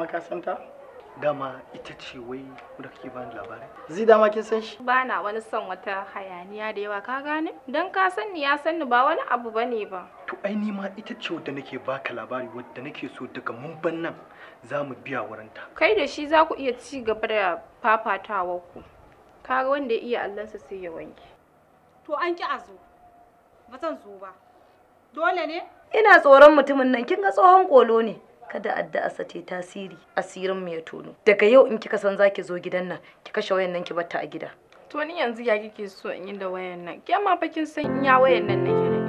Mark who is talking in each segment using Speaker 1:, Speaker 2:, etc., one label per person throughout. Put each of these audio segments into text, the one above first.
Speaker 1: dama ka san ta
Speaker 2: dama ita ce wai da kake bani labarin zai dama
Speaker 3: kin san shi ba na wani son wata hayaniya da yawa ka gane dan ka san ni ya san ni ba wani abu bane ba to
Speaker 2: ai ni ma ita ce wadda nake baka labari wadda nake so daga mun ban nan za mu biya wurinta
Speaker 3: kai da shi za ku iya ci gaba da fafatawar ku kaga wanda ya iya allansa sai ya wanke to an ki a ba zan zo ba dole ne
Speaker 4: ina tsoron mutumin nan kin ga tsohon kolo ne kada addu'arsa ta tasiri asirin mu ya tono daga yau in kika san zaki zo gidan nan ki kashe wayan nan ki batta a gida
Speaker 3: to ni yanzu ya kike so in yi da wayan nan ke ma fa kin san ya wayan nan nake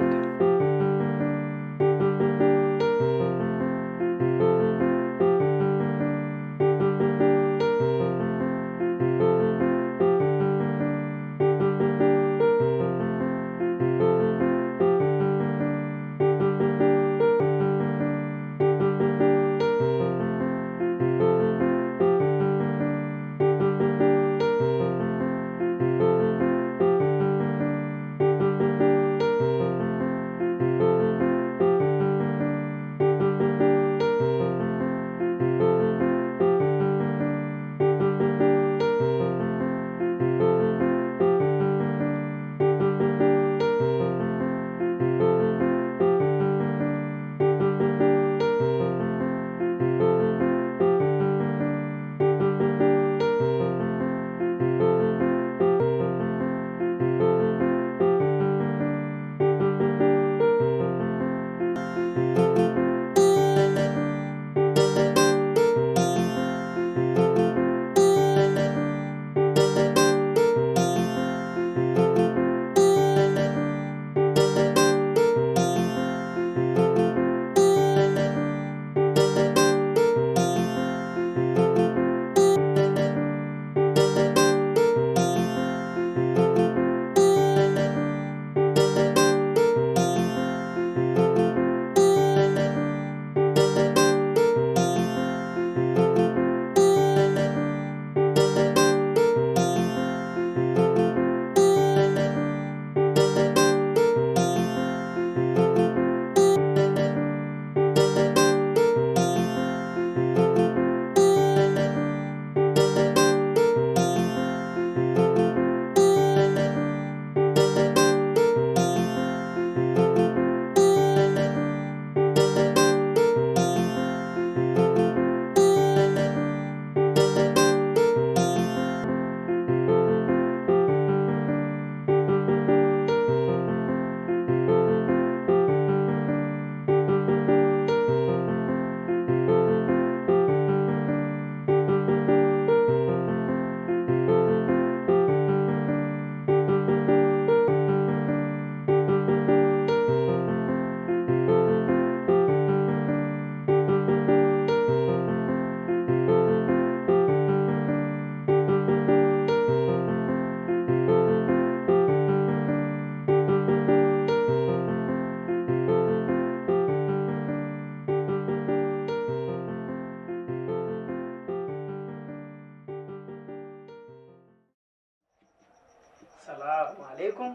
Speaker 5: Salamu
Speaker 6: alaikum.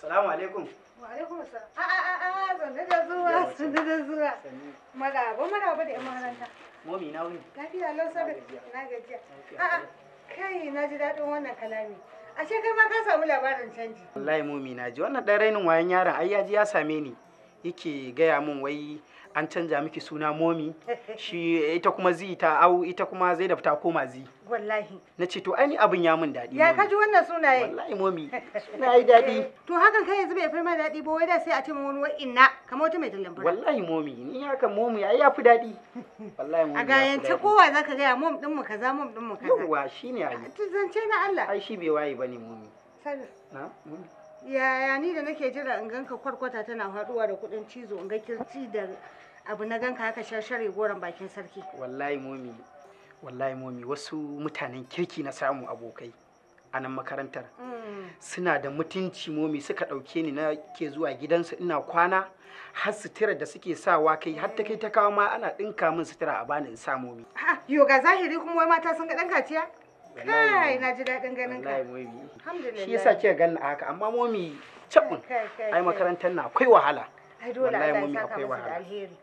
Speaker 6: Salamu alaikum.
Speaker 7: Wa alaikum salam. A ah, a ah, ah, da zuwa, zanne da zuwa. Maraba, maraba da 'yan makaranta. Momi na wuni. Lafiya lau sabi, na gajiya. A a kai na ji daɗin wannan kalami. Ashe kai ma ka samu labarin canji.
Speaker 6: Wallahi momi na ji wannan ɗan rainin wayan yaron ai ya ji ya same ni. yake gaya min wai an canja miki suna momi shi ita kuma zi ta au ita kuma zai da ta koma zi wallahi na ce to aini abin ya min daɗi ya kaji
Speaker 7: wannan sunaye wallahi momi suna yi daɗi eh, to haka kai yanzu bai fi ma daɗi ba wai da sai a ce wani wai inna kamar
Speaker 6: wata mai tallan fura wallahi momi ni haka momi ai ya fi daɗi wallahi momi a gayance
Speaker 7: kowa zaka gaya mom din mu kaza mom din mu kaza
Speaker 6: yawa shine ai
Speaker 7: zance na Allah
Speaker 6: ai shi bai waye bane momi na momi
Speaker 7: yaya ni da nake jira in ganka kwarkwata tana haduwa da kudin cizo
Speaker 6: in ga kirci da abu na ganka haka shashare goron bakin sarki wallahi momi wallahi momi wasu mutanen kirki na samu abokai a nan makarantar mm. suna da mutunci momi suka ɗauke ni na ke zuwa gidansu ina kwana har sutura da suke sawa kai har ta kai ta kawo ma ana ɗinka min sutura a bani in sa momi. yo ga zahiri kuma wai mata sun ga ɗan kaciya? kai
Speaker 7: na ji daɗin ganin ka
Speaker 6: alhamdulillah shi yasa kika ganna haka amma momi cabin ai makarantar na akwai wahala
Speaker 7: ai dole Allah ya saka masa alheri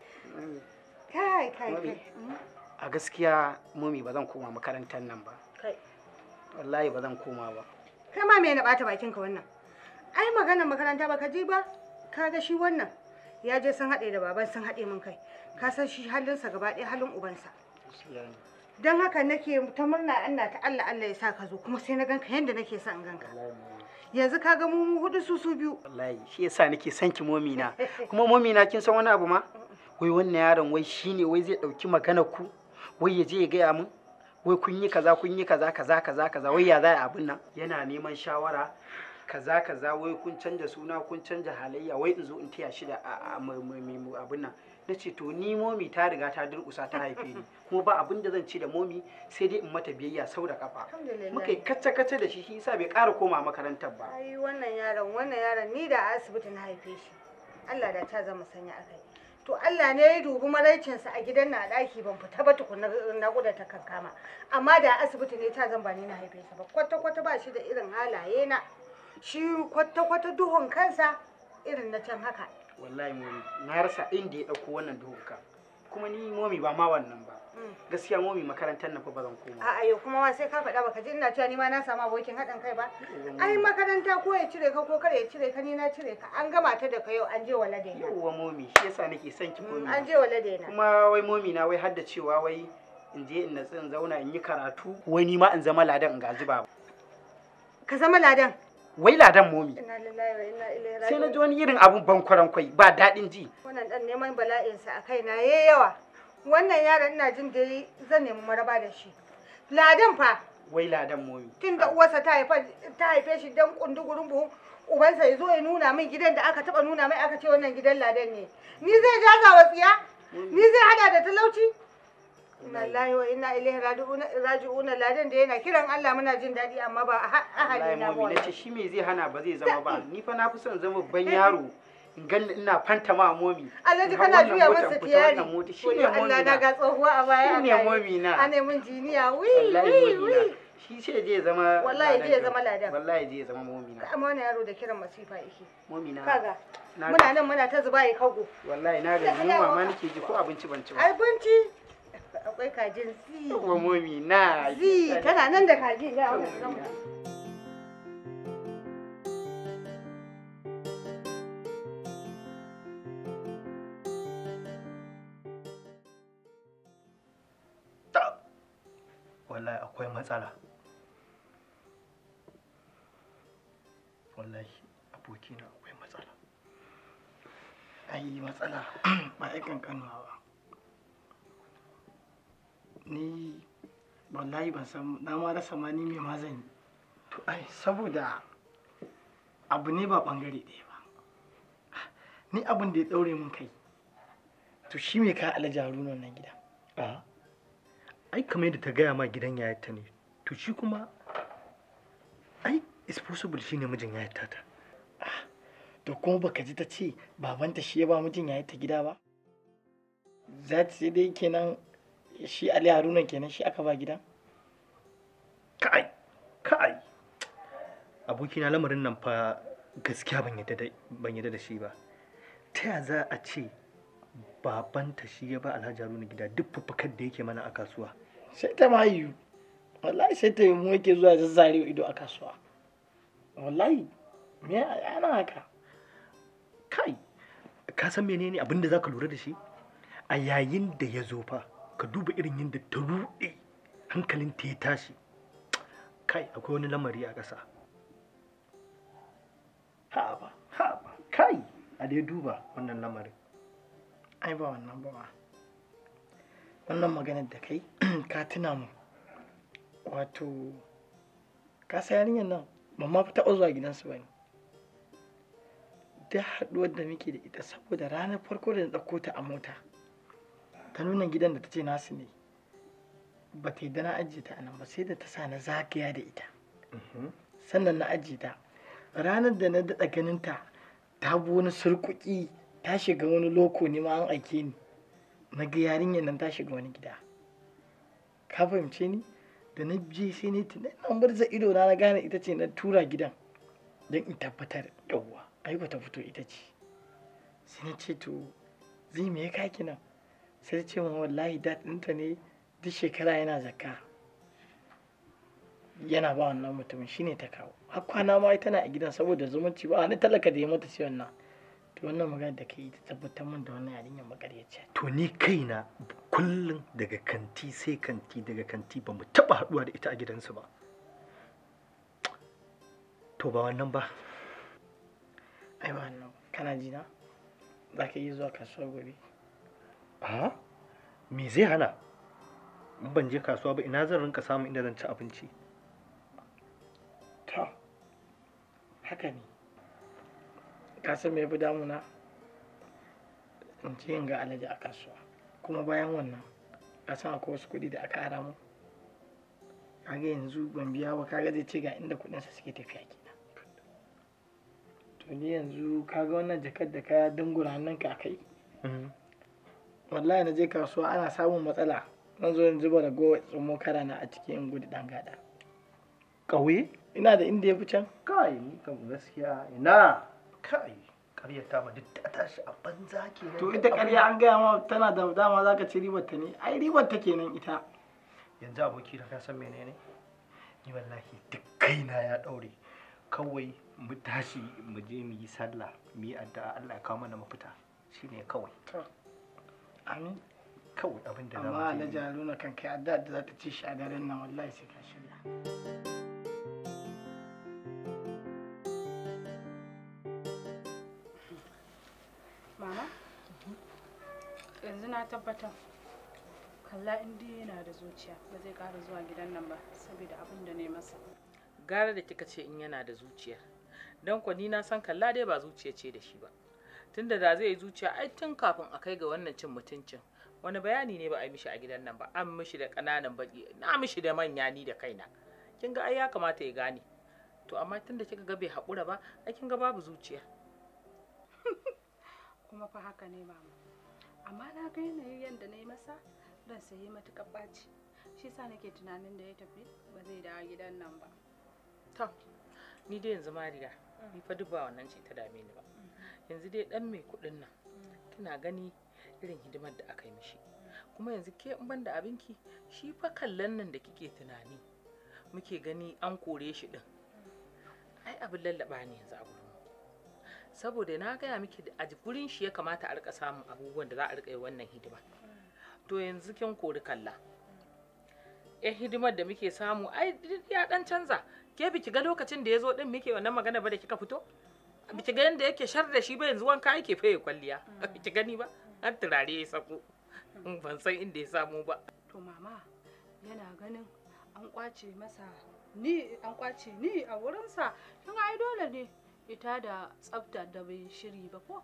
Speaker 7: kai kai kai mm.
Speaker 6: a gaskiya momi ba zan koma makarantar nan ba kai wallahi ba zan koma ba
Speaker 7: kai ma me na bata bakin ka wannan ai magana makaranta ba ka ji ba ka ga shi wannan ya je sun haɗe da baban sun haɗe min kai ka san shi halinsa gaba ɗaya halin ubansa don haka nake ta murna Allah ta Allah Allah ya sa ka zo kuma sai na ganka yanda nake son in ganka yanzu ka ga mu hudu su su biyu
Speaker 6: wallahi shi yasa nake son ki momina kuma momina kin san wani abu ma wai wannan yaron wai shine wai zai dauki magana ku wai ya je ya gaya mun? wai kun yi kaza kun yi kaza kaza kaza kaza wai ya za a abin nan yana neman shawara kaza kaza wai kun canja suna kun canja halayya wai in zo in taya shi da abin nan na ce to ni momi ta riga ta durƙusa ta haife ni kuma ba abin da zan ci da momi sai dai in mata biyayya sau da kafa muka yi kacce kacce da shi yasa bai ƙara koma makarantar ba
Speaker 7: ai wannan yaron wannan yaron ni da asibitin haife shi Allah da ta zama sanya akai to Allah ne ya dubi maraicin sa a gidan na daki ban fita ba tukun na guda ta kankama amma da asibiti ne ta zan ba ni na haife sa ba kwata kwata ba shi da irin halaye na shi kwata kwata duhun kansa irin na can haka
Speaker 6: wallahi momi na rasa inda ya ɗauko wannan doka kuma ni momi ba ma wannan ba mm. gaskiya momi makarantar na fa ba zan koma
Speaker 7: a'a yo kuma ma sai ka faɗa baka ji ina cewa ni ma na samu abokin haɗin kai ba ai makaranta ko ya cire ka ko kada ya cire ka ni na cire ka an gama ta da ka yau an je walade daina yauwa
Speaker 6: momi shi yasa nake son ki mm, momi an je
Speaker 7: walade na. kuma
Speaker 6: wai momi na wai har da cewa wai in je in natsu in zauna in yi karatu wai ni ma in zama ladan in gaji ba ka zama ladan wai ladan momi sai na ji wani irin abun bankwaran kwai ba daɗin ji
Speaker 7: wannan dan neman bala'insa a kaina yi yawa wannan yaron ina jin da zan nemi maraba da shi ladan fa
Speaker 6: wai ladan momi
Speaker 7: tun da ah. uwarsa ta haifa ta haife shi dan kundugurin buhu ubansa ya zo ya nuna min gidan da aka taba nuna mai aka ce wannan gidan ladan ne ni zai jaga wa tsiya ni zai hada da talauci inna wa inna ilaihi raji'un ladan da yana kiran Allah muna jin daɗi amma ba ahali na ba
Speaker 6: nace shi me zai hana ba zai zama ba ni fa na fi son zama ban yaro in ga ina fanta ma momi kana juya masa tiyari shine momi Allah na ga tsohuwa a baya shine momi na
Speaker 7: mun jiniya wi wi wi
Speaker 6: shi ce zai zama wallahi zai zama ladan wallahi zai zama momina
Speaker 7: amma wannan yaro da kiran masifa yake
Speaker 6: momina kaga muna
Speaker 7: nan muna ta zuba ya kago
Speaker 6: wallahi na ga yunwa ma nake ji ko abinci ban ci ba
Speaker 7: abinci akwai kajin
Speaker 6: zi. na.
Speaker 7: Zi tana nan da kajin ya
Speaker 2: Wallahi akwai matsala.
Speaker 1: wallahi ban san na ma rasa ma ni me ma zan yi to ai saboda abu ne ba bangare ɗaya ba ni abin da ya ɗaure mun kai to shi me ka alaji haruna nan gida a ai
Speaker 2: kamar yadda ta gaya ma gidan ta ne to shi kuma ai is possible shine mijin yayata ta
Speaker 1: ah, to kuma baka ji ta ce babanta shi ya ba mijin ta gida ba za ta sai dai kenan shi ali haruna kenan shi aka ba gidan
Speaker 2: abokina lamarin nan fa gaskiya ban yadda da shi ba ta ya za a ce babanta shi ya ba alhaji haruna gida duk fufukar da yake mana a kasuwa
Speaker 1: sai ta mayu wallahi sai ta mu yake zuwa zazzarewa ido a kasuwa wallahi me yana haka kai ka san menene
Speaker 2: abin da za ka lura da shi a yayin da ya zo fa ka duba irin yadda ta ruɗe hankalin ta ya tashi kai akwai wani lamari a ƙasa haba haba kai a dai duba wannan lamarin
Speaker 1: ai ba wannan ba wannan maganar da kai ka tuna mu wato ka sa yarinyar nan ba ma taɓa zuwa gidansu ba ne duk haɗuwar da muke da ita saboda ranar farko da na ɗauko ta a mota ta nuna gidan da ta ce nasu ne ba ta yi na ajiye ta a nan ba sai da ta sa na zagaya da ita mhm. sannan na ajiye ta ranar da na daɗa ganinta ta bi wani surkuki ta shiga wani loko ne ma an aike ni na ga yarinyar nan ta shiga wani gida ka fahimce ni da na je sai ne tunai an barza ido na na gane ita ce na tura gidan don in tabbatar yawwa ai ba ta fito ita ce sai na ce to zai me ya kaki nan sai ce ma wallahi daɗinta ne duk shekara yana zakka yana ba wannan mutumin ne ta kawo har kwana ma tana a gidan saboda zumunci ba ni talaka da ya mata ciwon wannan to wannan magana da kai ta tabbatar min da wannan yarinyar makaryaciya
Speaker 2: to ni kaina kullum daga kanti sai kanti daga kanti ba mu taba haduwa da ita a gidansu ba to ba wannan ba
Speaker 1: ai ba wannan kana ji na za ka iya zuwa kasuwa gobe
Speaker 2: a me zai hana in ban je kasuwa ba ina zan rinka samun inda zan ci abinci
Speaker 1: haka ne ka san me fi damuna in ce in ga alaji a kasuwa kuma bayan wannan ka san akwai wasu kuɗi da aka ara mu kaga yanzu ban biya ba kaga zai ce ga inda kuɗinsa suke tafiya kenan to ni yanzu kaga wannan jakar da ka dungura hannunka ka kai mm-hmm. wallahi na je kasuwa ana samun matsala zan zo in zuba da gowa tsummo kara na a cikin gudu dan gada ƙauye ina da inda ya fi can kai ni kan gaskiya ina kai ƙarya ta ma duk ta tashi a banza kenan
Speaker 2: to ita ƙarya
Speaker 1: an gaya ma tana da dama ka ci ribar ta ne ai ribar ta kenan ita
Speaker 2: yanzu aboki da ka san menene ni wallahi duk kaina ya daure kawai mu tashi mu je mu yi sallah mu yi addu'a Allah ya kawo mana mafita shine kawai amin kawai abin da za mu amma na
Speaker 1: jaruna kan kai addu'a da za ta ci shi a daren nan wallahi sai ka shirya
Speaker 3: tabbata kalla in yana da zuciya ba zai ƙara zuwa gidan nan ba saboda abin da ne masa
Speaker 8: gara da kika ce in yana da zuciya dan kwa ni na san kalla dai ba zuciya ce da shi ba tunda da zai yi zuciya ai tun kafin a kai ga wannan cin mutuncin wani bayani ne ba a yi mishi a gidan nan ba an mishi da ƙananan baki na mishi da manya ni da kaina kin ga ai ya kamata ya gane to amma tunda kika ga bai haƙura ba ai kin ga babu zuciya
Speaker 3: kuma fa haka ne mama amma na ga yanayin yadda na yi masa zan sai yi matuƙar ɓaci shi sa nake tunanin da ya tafi ba zai dawo gidan nan ba
Speaker 8: to ni dai yanzu mariya ni fa duba wannan ce ta dame ni ba yanzu dai dan mai kuɗin nan kina gani irin hidimar da aka yi mishi kuma yanzu ke in banda abinki shi fa kallon nan da kike tunani muke gani an kore shi din ai abin lallaba ne yanzu abu saboda na gaya miki a gurin shi ya kamata a rika samun abubuwan da za a rika yi wannan hidima to yanzu kin kori kalla yan hidimar da muke samu ai ya dan canza ke biki ga lokacin da ya zo din muke wannan magana ba da kika fito biki ga yanda yake shar da shi ba yanzu wanka yake faye kwalliya biki gani ba har turare ya sako ban san inda ya samu ba
Speaker 3: to mama yana ganin an kwace masa ni an kwace ni a wurinsa kin ai dole ne ita da tsafta da bai shiri ba ko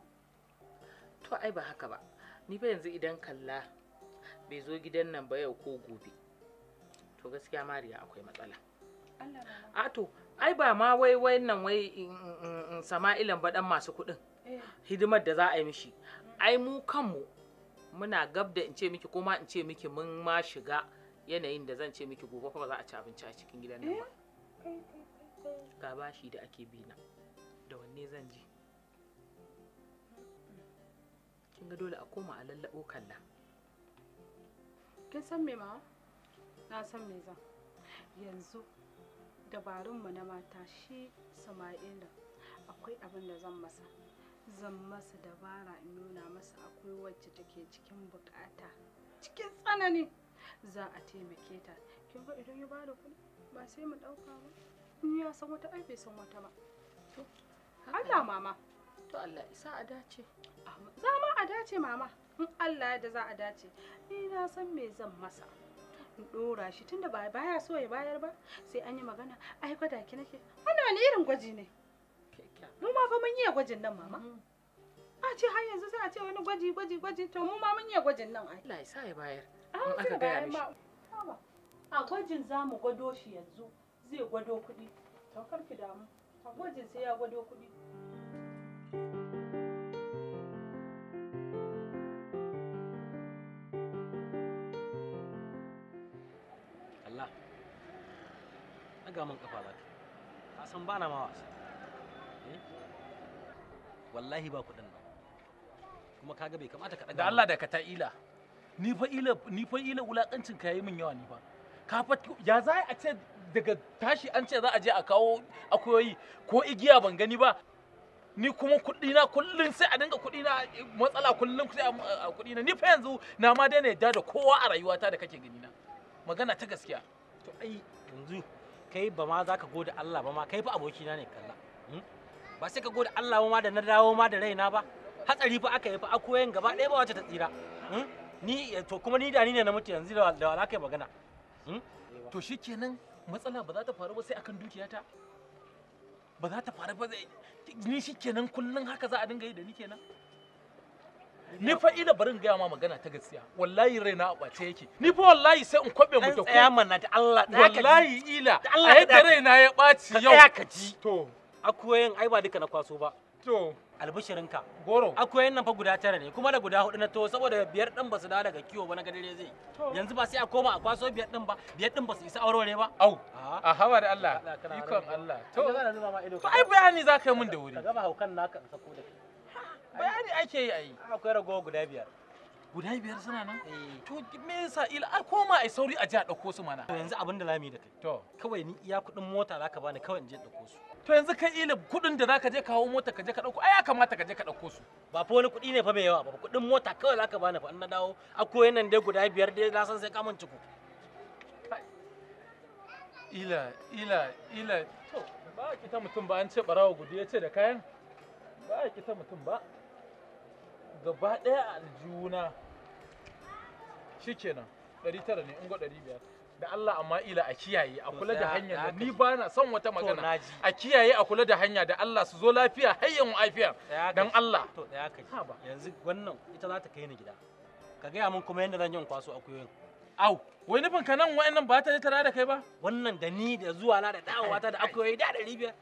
Speaker 3: to ai ba
Speaker 8: haka ba ni ba yanzu idan kalla bai zo gidan nan ba yau ko gobe to gaskiya mariya akwai matsala a to ai ba ma wai wannan wai sama'ilan ba dan masu kuɗin eh. hidimar da za a yi mishi ai mu kanmu muna gab da in ce miki ko ma in ce miki mun ma shiga yanayin da zan ce miki gobe fa ba za a ci abinci a cikin gidan nan ba eh. ga bashi da ake bi na. ne zan ji kin ga dole a koma a lallabo kalla
Speaker 3: kin san me ma na san me zan yanzu dabarunmu na mata shi sama'ila akwai abin da zan masa zan masa dabara in nuna masa akwai wacce take cikin bukata cikin tsanani za a taimake ta kin ga idan ya bada kuɗi ba sai mu ɗauka ba in ya san wata ai bai san wata ba Allah mama. To Allah isa a dace. Za ma a dace mama. In Allah ya da za a dace. Ni na san me zan masa. In dora shi tunda ba baya so ya bayar ba sai an yi magana ai gwada ki nake. Wannan wani irin gwaji ne? Mu ma fa mun yi gwajin nan mama. Mm-hmm. A ce har yanzu sai a ce wani gwaji gwaji gwaji to mu ma mun yi gwajin nan ai. Allah isa ya bayar. In aka gaya mishi. A gwajin za mu gwado shi yanzu zai gwado kuɗi. To karki damu. Gwajin sai ya gwado kuɗi.
Speaker 5: Allah, ɗaga min ƙafa za ka. Ka san ba na ma wasa. Eh? Wallahi ba kuɗin nan. Kuma kaga bai kamata ka ɗaga. Da Allah da ka ta ila. Ni fa ila ni fa ila wulakancin ka yayi min yawa ni fa. Ka fa ya za a ce daga tashi an ce za a je a kawo akuyoyi ko igiya ban gani ba ni kuma kuɗi na kullun sai a dinga kuɗi na matsala kullun sai a kuɗi na ni fa yanzu na ma daina yadda da kowa a rayuwata da kake gani na magana ta gaskiya to ai yanzu kai ba ma zaka gode Allah ba ma kai fa abokina ne kalla hmm? ba sai ka gode Allah ba ma da na dawo ma da raina ba hatsari fa aka yi fa akoyen gaba ɗaya ba wata ta tsira hmm? ni to kuma ni da ni ne na mutu yanzu da wala kai magana hmm? to shikenan matsala ba za ta faru ba sai akan dukiyata ba za ta faru ba ni shi kenan kullum haka za a dinga yi da ni kenan ni fa ina barin gaya ma magana ta gaskiya wallahi raina a bace yake ni fa wallahi sai in kwabe mu da ku tsaya mana da Allah da wallahi ila a yadda raina ya ɓaci yau ka ji to akuyoyin ai ba duka na kwaso ba to albishirinka goro akwai nan fa guda tara ne kuma da guda hudu na to saboda biyar din basu dawo daga kiwo ba na gadare zai yanzu ba sai a koma a kwaso biyar din ba biyar din basu isa aurore ba au a hawa da Allah ikon Allah to ba ai bayani za ka yi mun da wuri Ka gaba haukan naka in sako da bayani ake yi ai akwai rago guda biyar guda biyar suna nan eh. to me yasa ila a koma ai sauri a ji a dauko su mana yanzu abin da lami da kai to kawai ni iya kudin mota zaka bani kawai in je dauko su to yanzu kai ila kuɗin da zaka je kawo mota ka je ka ɗauko ai ya kamata ka je ka ɗauko su ba fa wani kuɗi ne fa mai yawa ba kuɗin mota kawai zaka bani fa in na dawo akwai nan dai guda biyar dai na san sai ka mun ciku ila ila ila to ba ki ta mutum ba an ce barawa gudu ya ce da kayan ba ki ta mutum ba gaba ɗaya aljuna shikenan 900 ne in go 500 da Allah amma ila a kiyaye a kula da hanya da ni ba na son wata magana a kiyaye a kula da hanya da Allah su zo lafiya hayyan afiya dan Allah to ya kai yanzu wannan ita za ta kai ni gida ka gaya mun kuma yanda zan yi kwaso kuyoyin au wai nufin ka nan wa'annan ba ta ne tara da kai ba wannan da ni da zuwa na da dawowa ta da akuyoyi da da biyar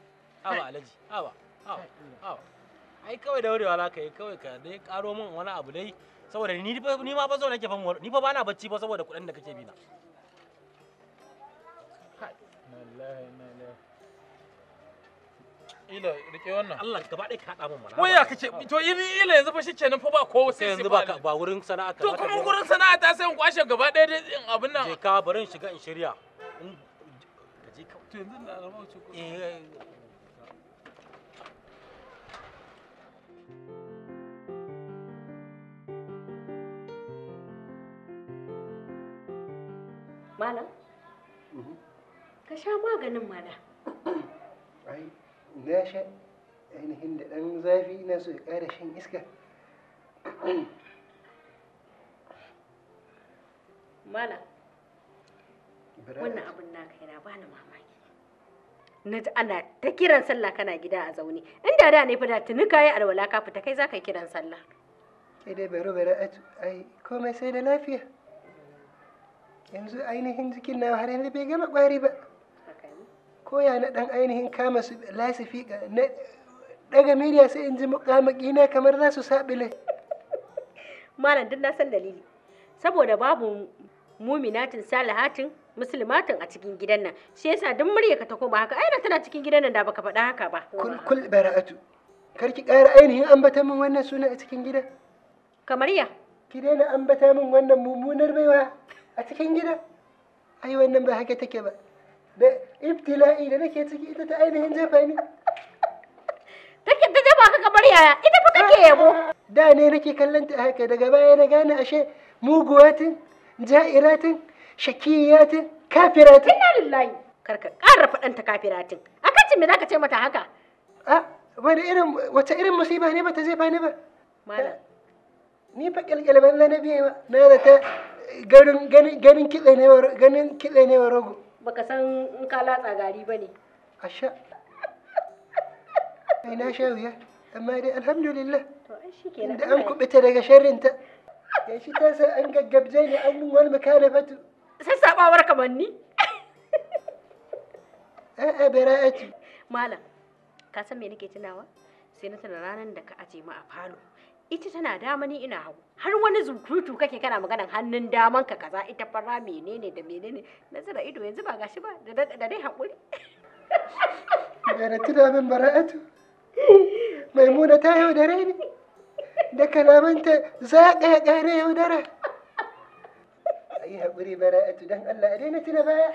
Speaker 5: awa alaji awa awa awa ai kawai da wurewa za ka yi kawai ka dai karo min wani abu dai saboda ni ma ba zo nake fa ni fa bana bacci ba saboda kuɗin da kake bi na ila rike wannan Allah gaba ɗaya ka haɗa mun mana waya kace to ila yanzu fa fa ba ko sai yanzu ba ba wurin sana'a ka to kuma wurin sana'a ta sai in kwashe gaba ɗaya da in abin nan je ka bari in shiga in shirya je ka to yanzu na eh, eh
Speaker 4: Malam ka sha maganin mana
Speaker 9: ai na sha ainihin da ɗan zafi na so ya ƙara shan iska
Speaker 4: mala wannan abin naka yana bani mamaki na ji ana ta kiran sallah kana gida a zaune inda da ne fa da tuni kayi alwala ka fita kai zaka kiran sallah
Speaker 9: ke dai bari bari ai komai sai da lafiya yanzu ainihin jikin na har yanzu bai gama ƙwari ba koya na ɗan ainihin kama su lasifi na daga miliya sai in ji mukamaki na kamar za su sabile
Speaker 4: malam duk na san dalili saboda babu muminatin salihatin musulmatin a cikin gidan nan shi yasa duk murya ka ta koma haka aina tana cikin gidan nan da baka faɗa haka ba kul
Speaker 9: kul bara'atu kar ki ƙara ainihin ambata min wannan suna a cikin gida kamar ya ki daina ambata min wannan mummunar baiwa a cikin gida ai wannan ba haka take ba da ibtila'i da nake ciki ita ta ainihin jefa ni take ta jefa ka kamar yaya ita fa kake yabo da ne nake kallon ta haka daga baya na gane ashe muguwatin ja'iratin shakiyatin kafiratin inna lillahi karka ƙara
Speaker 4: faɗan ta kafiratin
Speaker 9: kan ce me ka ce mata haka a wani irin wace irin masiba ne bata jefa ni ba malam ni fa kyalkyal banza na biye ba na da ta eh, ganin kitse ne wa rogo
Speaker 4: baka san in ka latsa gari ba ne
Speaker 9: asha ai na sha wuya amma dai alhamdulillah
Speaker 4: To da an
Speaker 9: kubuta daga sharrinta ya shi ta san an gaggabje ne an mun wani makalafatu sassaɓawar kamanni eh bara'atu malam ka
Speaker 4: san me nake tunawa sai na tana ranar da ka aje mu a falo ita tana dama ni ina hagu har wani zukutu kake kana maganan hannun daman ka kaza ita fara menene da menene na zira ido yanzu ba gashi ba da dai haƙuri
Speaker 9: garatu da min bara'atu maimuna ta yaudare ni da kalamanta za ka ya ƙare A ayi haƙuri bara'atu don Allah a daina tuna baya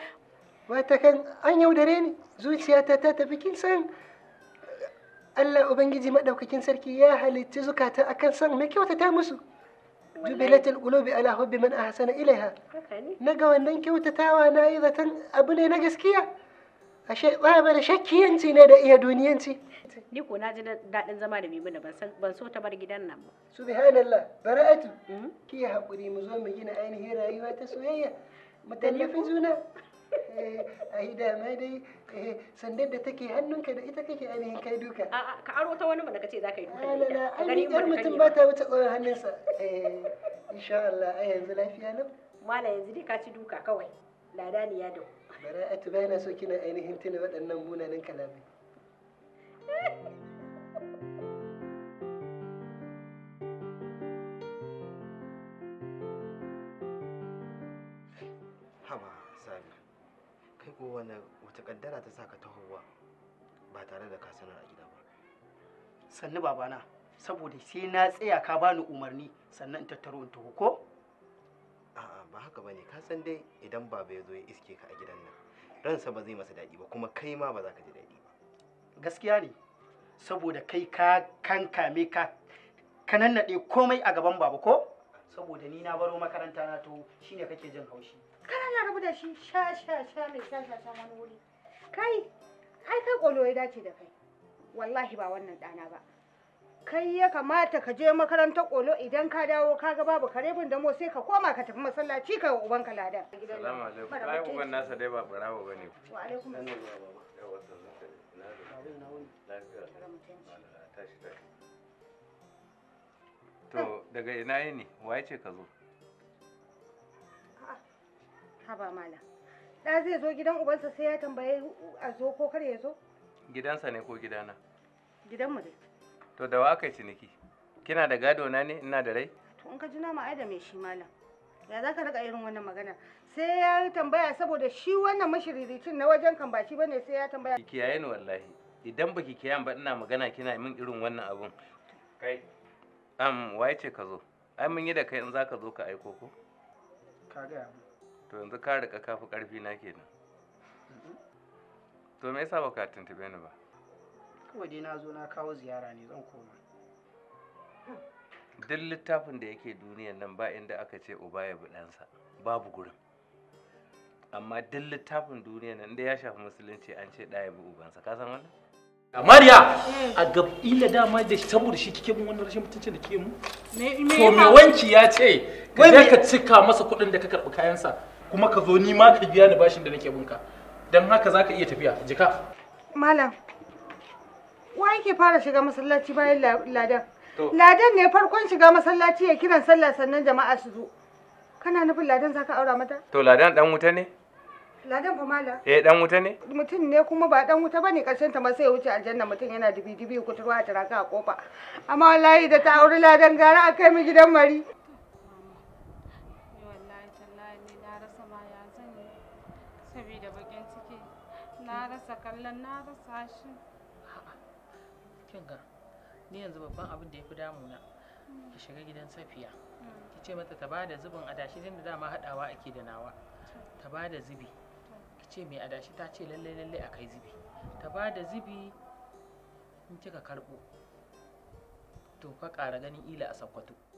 Speaker 9: wata kan an yaudare ni zuciyata ta tafi kin san Allah Ubangiji maɗaukakin sarki ya halitti zukata akan son mai kyautata musu. Jubilatul qulubi ala hubbi man ahsana ilaiha. Na ga wannan kyautatawa na yi zaton abu ne na gaskiya. Ashe tsabar shakkiyanci ne da iya duniyanci.
Speaker 4: Ni ko na ji daɗin zama da Maimuna ban ban so ta bar gidan nan ba.
Speaker 9: Subhanallah, bara'atu. Hmm? Ki haƙuri mu zo mu gina ainihin rayuwa ta soyayya. Mu tallafin juna. Eh, ai mai dai Eh, sandar da take hannunka da ita kake ainihin kai duka a'a ka aro ta wani mana ce za ka yi duka da ita ai yar mutum ba ta wuce tsawon hannunsa eh insha Allah ai yanzu lafiya nan mala yanzu dai ka ci duka kawai lada ne ya dau bara a yana so kina ainihin tuna waɗannan munanan kalamai
Speaker 2: kowane wata kaddara ta saka tahowa ba tare da ka sanar a gida
Speaker 6: ba sannu babana saboda sai na tsaya ka bani umarni sannan tattaro in taho ko
Speaker 2: a'a ba haka bane ka san dai idan baba ya zo ya iske ka a gidan nan
Speaker 6: ransa ba zai masa daɗi ba kuma kai ma ba za ka ji daɗi ba gaskiya ne saboda kai ka kankame ka kanannaɗe komai a gaban baba ko saboda ni na baro makaranta na to shine kake jin haushi
Speaker 7: kana na rabu da shi sha sha sha mai sha sha sha wani wuri kai ai kai ƙwalo ya dace da kai wallahi ba wannan ɗana ba kai ya kamata ka je makarantar ƙolo idan ka dawo ka ga babu karebin da mo sai ka koma ka tafi masallaci ka wa ubanka ladan salamu alaikum ai uban nasa
Speaker 10: dai ba barawo bane wa alaikum assalam to daga ina yi ne waye ce ka zo
Speaker 7: haba mala da zai zo gidan ubansa sai ya tambaye a zo ko kar ya zo
Speaker 10: gidansa ne ko gidana gidanmu dai to da wa kai ciniki kina da gado na ne ina da rai
Speaker 7: to in ka ji na ai da mai shi mala ya za ka riga irin wannan magana sai ya tambaya saboda shi wannan mashiriricin na wajen kan ba shi bane sai ya tambaya ki
Speaker 10: kiyaye ni wallahi idan baki kiyaye ba ina magana kina min irin wannan abun kai am waye ce ka zo ai mun yi da kai in za ka zo ka aiko ko ka ga mu to yanzu ka riƙa kafi ƙarfi na kenan to me yasa baka tuntube ni ba
Speaker 6: kawai dai na zo na kawo ziyara ne zan koma
Speaker 10: duk littafin da yake duniyan nan ba inda aka ce uba ya ɗansa babu gurin amma duk littafin duniyan nan da ya shafi musulunci an ce ɗaya bi ubansa ka san wannan Mariya eh. a gab
Speaker 5: ila dama da saboda shi kike mun wannan rashin mutuncin da ke mu
Speaker 9: to me wanki
Speaker 5: ya ce ka ka cika masa kuɗin da ka karɓi kayansa kuma ka zo ni ma ka biya ni bashin da nake binka don haka za ka iya tafiya jika
Speaker 7: malam wa yake fara shiga masallaci bayan ladan ladan ne farkon shiga masallaci ya kiran sallah sannan jama'a su zo kana nufin ladan za ka aura mata
Speaker 10: to ladan dan wuta ne
Speaker 7: ladan fa Malam.
Speaker 10: eh dan wuta ne
Speaker 7: mutum ne kuma ba dan wuta bane karshen ta ma sai ya wuce aljanna mutum yana dibi dibi kuturwa a taraka a kofa amma wallahi da ta auri ladan gara a kai mu gidan mari
Speaker 3: na rasa kallon na rasa shi
Speaker 8: kin ga ni yanzu babban abin da ya fi na ki shiga gidan safiya hmm. ki ce mata ta ba da zubin adashi da dama haɗawa ake da nawa ta ba da zubi ki ce mai adashi ta ce lallai lallai akai zubi ta ba da zubi in kika karɓo to ka ƙara ganin ila a sakkwato